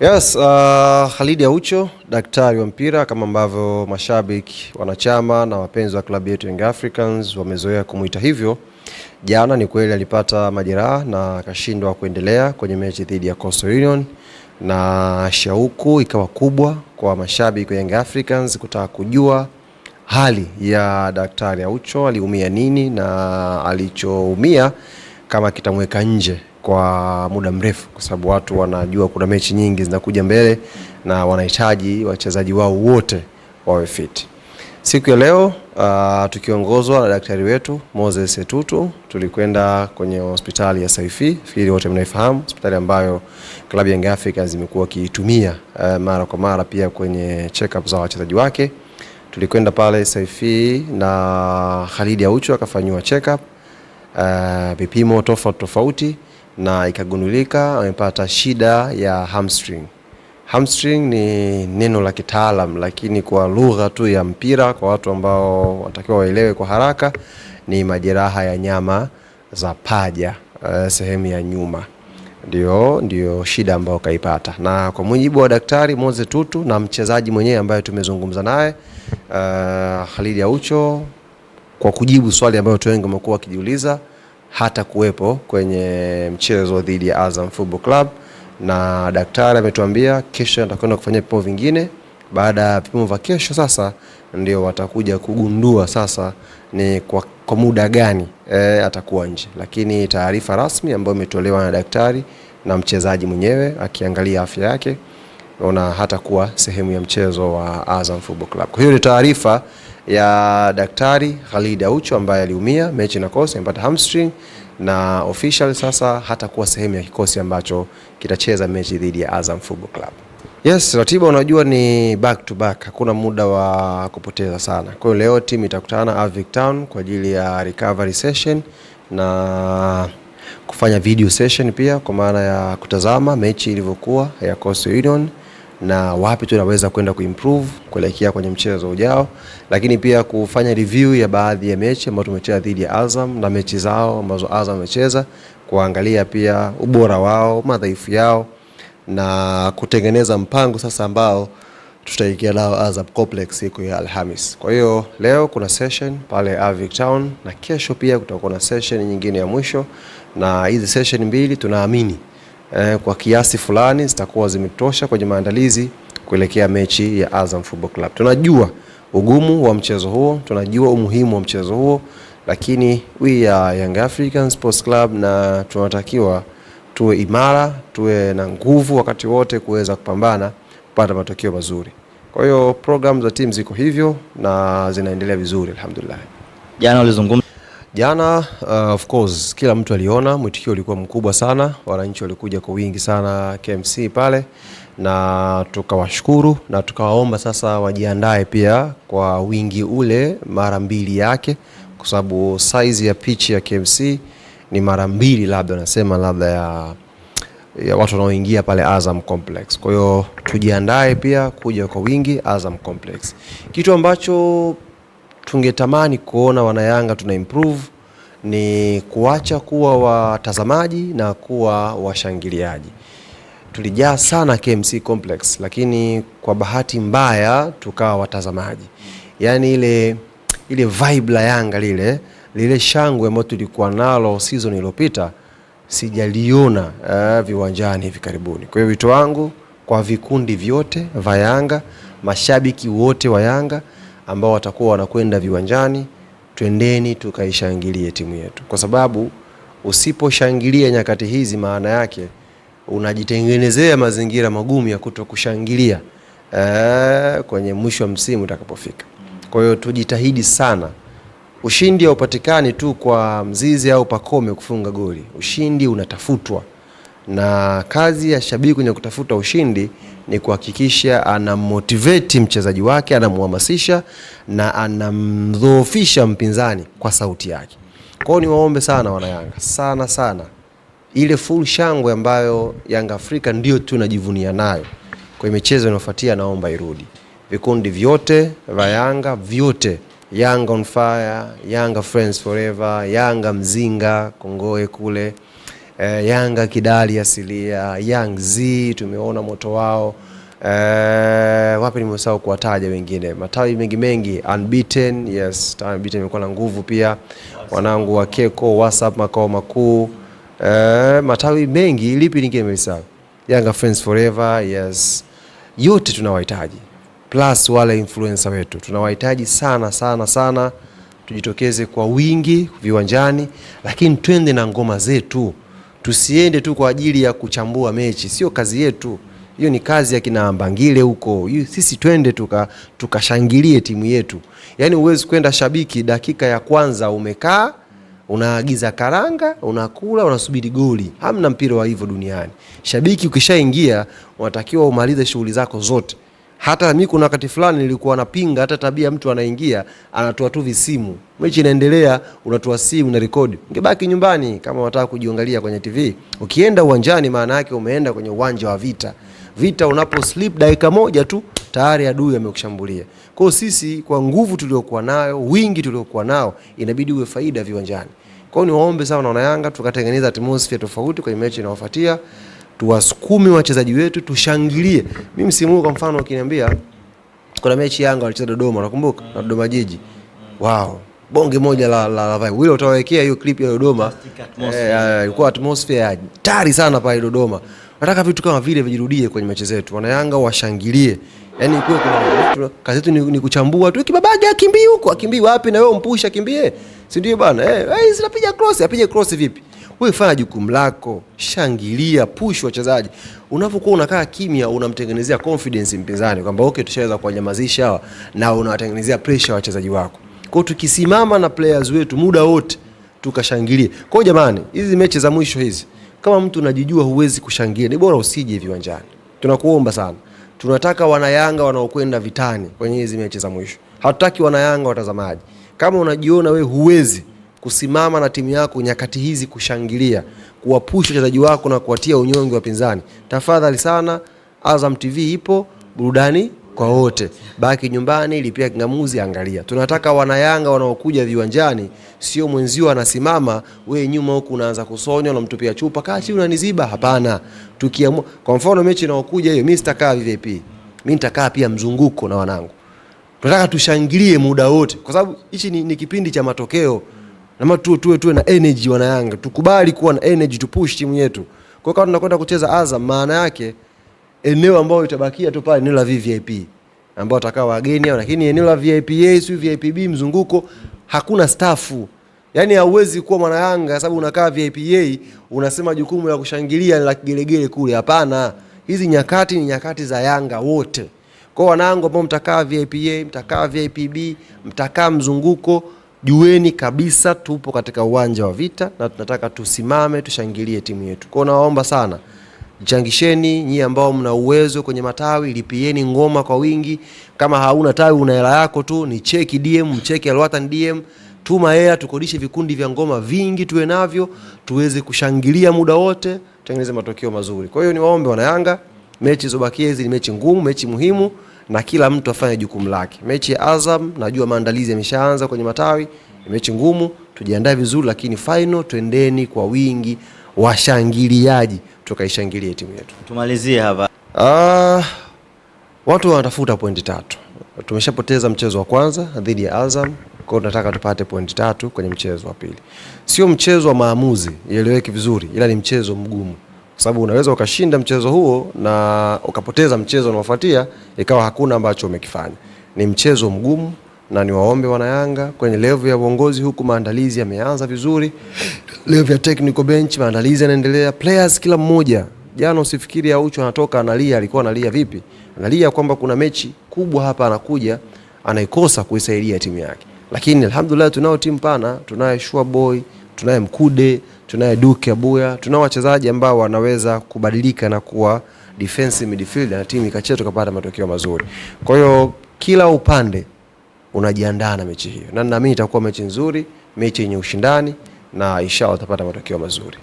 Yes, uh, Khalid Aucho daktari wa mpira kama ambavyo mashabiki, wanachama na wapenzi wa klabu yetu Young Africans wamezoea kumwita hivyo. Jana ni kweli alipata majeraha na akashindwa kuendelea kwenye mechi dhidi ya Coastal Union, na shauku ikawa kubwa kwa mashabiki wa Young Africans kutaka kujua hali ya daktari Aucho, aliumia nini na alichoumia kama kitamweka nje kwa muda mrefu, kwa sababu watu wanajua kuna mechi nyingi zinakuja mbele na wanahitaji wachezaji wao wote wawe fit. Siku ya leo uh, tukiongozwa na daktari wetu Moses Etutu tulikwenda kwenye hospitali ya Saifi, fikiri wote mnaifahamu, hospitali ambayo klabu ya Young Africans imekuwa ikiitumia uh, mara kwa mara pia kwenye check up za wachezaji wake. Tulikwenda pale Saifi na Khalid Aucho akafanyiwa check up, uh, vipimo tofauti tofauti na ikagundulika amepata shida ya hamstring. Hamstring ni neno la kitaalam, lakini kwa lugha tu ya mpira, kwa watu ambao watakiwa waelewe kwa haraka, ni majeraha ya nyama za paja, uh, sehemu ya nyuma ndio ndio shida ambayo kaipata, na kwa mujibu wa daktari Moze Tutu na mchezaji mwenyewe ambaye tumezungumza naye uh, Khalid Aucho, kwa kujibu swali ambayo watu wengi wamekuwa wakijiuliza, hata kuwepo kwenye mchezo dhidi ya Azam Football Club, na daktari ametuambia kesho atakwenda kufanya vipimo vingine. Baada ya vipimo vya kesho, sasa ndio watakuja kugundua sasa ni kwa, kwa muda gani e, atakuwa nje, lakini taarifa rasmi ambayo imetolewa na daktari na mchezaji mwenyewe akiangalia afya yake, ona hatakuwa sehemu ya mchezo wa Azam Football Club. Kwa hiyo ni taarifa ya Daktari Khalid Aucho ambaye aliumia mechi na kosi amepata hamstring na official sasa hatakuwa sehemu ya kikosi ambacho kitacheza mechi dhidi ya Azam Football Club. Yes, ratiba unajua ni back to back, hakuna muda wa kupoteza sana. Kwa hiyo leo timu itakutana Avic Town kwa ajili ya recovery session na kufanya video session pia kwa maana ya kutazama mechi ilivyokuwa ya Coastal Union na wapi tunaweza kwenda kuimprove kuelekea kwenye mchezo ujao, lakini pia kufanya review ya baadhi ya mechi ambazo tumecheza dhidi ya Azam na mechi zao ambazo Azam amecheza, kuangalia pia ubora wao, madhaifu yao na kutengeneza mpango sasa ambao tutaingia nao Azam Complex siku ya Alhamis. Kwa hiyo leo kuna session pale Avic Town na kesho pia kutakuwa na session nyingine ya mwisho, na hizi session mbili tunaamini eh, kwa kiasi fulani zitakuwa zimetosha kwenye maandalizi kuelekea mechi ya Azam Football Club. Tunajua ugumu wa mchezo huo, tunajua umuhimu wa mchezo huo, lakini we are Young African Sports Club na tunatakiwa tuwe imara, tuwe na nguvu wakati wote kuweza kupambana kupata matokeo mazuri. Kwa hiyo program za timu ziko hivyo na zinaendelea vizuri alhamdulillah. Jana ulizungumza Jana uh, of course kila mtu aliona mwitikio ulikuwa mkubwa sana, wananchi walikuja kwa wingi sana KMC pale, na tukawashukuru na tukawaomba sasa wajiandae pia kwa wingi ule mara mbili yake, kwa sababu size ya pitch ya KMC ni mara mbili labda nasema labda ya, ya watu wanaoingia pale Azam Complex. Kwa hiyo tujiandae pia kuja kwa wingi Azam Complex, kitu ambacho tungetamani kuona wanayanga tuna improve ni kuacha kuwa watazamaji na kuwa washangiliaji. Tulijaa sana KMC Complex, lakini kwa bahati mbaya tukawa watazamaji. Yaani ile, ile vibe la Yanga lile lile shangwe ambayo tulikuwa nalo season iliyopita sijaliona uh, viwanjani hivi karibuni. Kwa hiyo wito wangu kwa vikundi vyote vya Yanga, mashabiki wote wa Yanga ambao watakuwa wanakwenda viwanjani, twendeni tukaishangilie timu yetu, kwa sababu usiposhangilia nyakati hizi, maana yake unajitengenezea mazingira magumu ya kuto kushangilia eee, eh, kwenye mwisho wa msimu utakapofika. Kwa hiyo tujitahidi sana. Ushindi haupatikani tu kwa mzizi au pakome kufunga goli. Ushindi unatafutwa na kazi ya shabiki kwenye kutafuta ushindi ni kuhakikisha anamotivate mchezaji wake, anamhamasisha na anamdhoofisha mpinzani kwa sauti yake. Kwa hiyo niwaombe sana wanayanga sana sana, ile full shangwe ambayo Yanga Afrika ndio tunajivunia nayo kwa michezo inayofuatia, naomba irudi. Vikundi vyote vya Yanga vyote Yanga on fire, Yanga friends forever, Yanga mzinga Kongoe kule eh, Yanga kidali asilia, Young Z tumeona moto wao eh, wapi nimesahau kuwataja wengine, matawi mengi mengi, unbeaten yes, unbeaten imekuwa na nguvu pia, wanangu wa Keko WhatsApp makao makuu eh, matawi mengi, lipi lingine nimesahau? Yanga Friends Forever yes, yote tunawahitaji plus wale influencer wetu tunawahitaji sana sana sana. Tujitokeze kwa wingi viwanjani, lakini twende na ngoma zetu tusiende tu kwa ajili ya kuchambua mechi, sio kazi yetu hiyo, ni kazi ya kina Mbangile huko. Sisi twende tukashangilie tuka timu yetu. Yaani huwezi kwenda shabiki, dakika ya kwanza umekaa unaagiza karanga, unakula, unasubiri goli. Hamna mpira wa hivyo duniani. Shabiki ukishaingia, unatakiwa umalize shughuli zako zote. Hata mimi kuna wakati fulani nilikuwa napinga hata tabia, mtu anaingia anatoa tu visimu, mechi inaendelea, unatoa simu na rekodi. Ungebaki nyumbani kama unataka kujiangalia kwenye TV. Ukienda uwanjani, maana yake umeenda kwenye uwanja wa vita. Vita unapo slip dakika moja tu tayari adui amekushambulia. Kwa hiyo sisi, kwa nguvu tuliokuwa nayo, wingi tuliokuwa nao, inabidi uwe faida viwanjani. Kwa hiyo niwaombe sana naona Yanga, tukatengeneza atmosphere tofauti kwenye mechi inayofuatia tuwasukume wachezaji wetu, tushangilie. Mimi msimu huu kwa mfano, ukiniambia kuna mechi Yanga walicheza Dodoma, nakumbuka na Dodoma Jiji, wao bonge moja la la, la vibe. Ule utawekea hiyo clip ya Dodoma, eh, ilikuwa atmosphere ya hatari sana pale Dodoma. Nataka vitu kama vile vijirudie kwenye mechi zetu, wana Yanga washangilie. Yani kwa kuna kazi yetu ni, ni kuchambua tu, kibabage akimbii huko akimbii wapi, na wewe mpusha, akimbie, si ndio bwana? Eh, hey, eh, zinapiga cross, apige cross vipi? wewe fanya jukumu lako, shangilia, push wachezaji. Unapokuwa unakaa kimya, unamtengenezea confidence mpinzani kwamba okay, tushaweza kuwanyamazisha hawa, na unawatengenezea pressure wachezaji wako. Kwa tukisimama na players wetu muda wote tukashangilie. Kwa jamani, hizi mechi za mwisho hizi, kama mtu unajijua huwezi kushangilia, ni bora usije viwanjani. Tunakuomba sana, tunataka wanayanga wanaokwenda vitani kwenye hizi mechi za mwisho, hatutaki wanayanga watazamaji. Kama unajiona we huwezi kusimama na timu yako nyakati hizi, kushangilia, kuwapusha wachezaji wako na kuwatia unyonge wapinzani. Tafadhali sana, Azam TV ipo, burudani kwa wote. Baki nyumbani, lipia kingamuzi, angalia. Tunataka wanayanga wanaokuja viwanjani, sio mwenzio anasimama, we nyuma huku unaanza kusonywa, unamtupia chupa kati, unaniziba. Hapana, tukiamua kwa mfano mechi inaokuja hiyo, mimi sitakaa VIP, mimi nitakaa pia mzunguko na wanangu, tunataka tushangilie muda wote, kwa sababu hichi ni, ni kipindi cha matokeo. Lazima tu tuwe tuwe na energy wana Yanga. Tukubali kuwa na energy to push timu yetu. Kwa kama tunakwenda kucheza Azam maana yake eneo ambayo itabakia tu pale eneo la VIP ambao watakaa wageni, lakini eneo la VIP A si VIP B mzunguko hakuna stafu. Yaani hauwezi kuwa mwana Yanga sababu unakaa VIP A unasema jukumu la kushangilia la kigelegele kule. Hapana. Hizi nyakati ni nyakati za Yanga wote. Kwa wanangu ambao mtakaa VIP A, mtakaa VIP B, mtakaa mzunguko Jueni kabisa tupo katika uwanja wa vita na tunataka tusimame tushangilie timu yetu. Kwa nawaomba sana, changisheni nyie ambao mna uwezo kwenye matawi, lipieni ngoma kwa wingi. Kama hauna tawi una hela yako tu, ni cheki DM, mcheki Alwatan DM, tuma hela tukodishe vikundi vya ngoma vingi tuwe navyo, tuweze kushangilia muda wote, tutengeneze matokeo mazuri. Kwa hiyo niwaombe wana Yanga, mechi zobakia hizi ni mechi ngumu, mechi muhimu na kila mtu afanye jukumu lake. Mechi ya Azam najua maandalizi yameshaanza kwenye matawi, mechi ngumu, tujiandae vizuri, lakini final twendeni kwa wingi, washangiliaji, tukaishangilie timu yetu. Tumalizie hapa. Ah, watu wanatafuta pointi tatu. Tumeshapoteza mchezo wa kwanza dhidi ya Azam, kwa hiyo tunataka tupate pointi tatu kwenye mchezo wa pili. Sio mchezo wa maamuzi, ieleweke vizuri, ila ni mchezo mgumu kwa sababu unaweza ukashinda mchezo huo na ukapoteza mchezo unaofuatia, ikawa hakuna ambacho umekifanya. Ni mchezo mgumu, na niwaombe wanayanga kwenye levu ya uongozi huku, maandalizi yameanza vizuri, levu ya technical bench maandalizi yanaendelea, players kila mmoja jana usifikiri Aucho anatoka analia. Alikuwa analia vipi? Analia kwamba kuna mechi kubwa hapa anakuja anaikosa kuisaidia timu yake, lakini alhamdulillah, tunao timu pana, tunaye Shua Boy, tunaye Mkude tunaye Duke Abuya, tunao wachezaji ambao wanaweza kubadilika na kuwa defensive midfield na timu ikacheza tukapata matokeo mazuri. Kwa hiyo kila upande unajiandaa na mechi hiyo, na naamini itakuwa mechi nzuri, mechi yenye ushindani na inshallah utapata matokeo mazuri.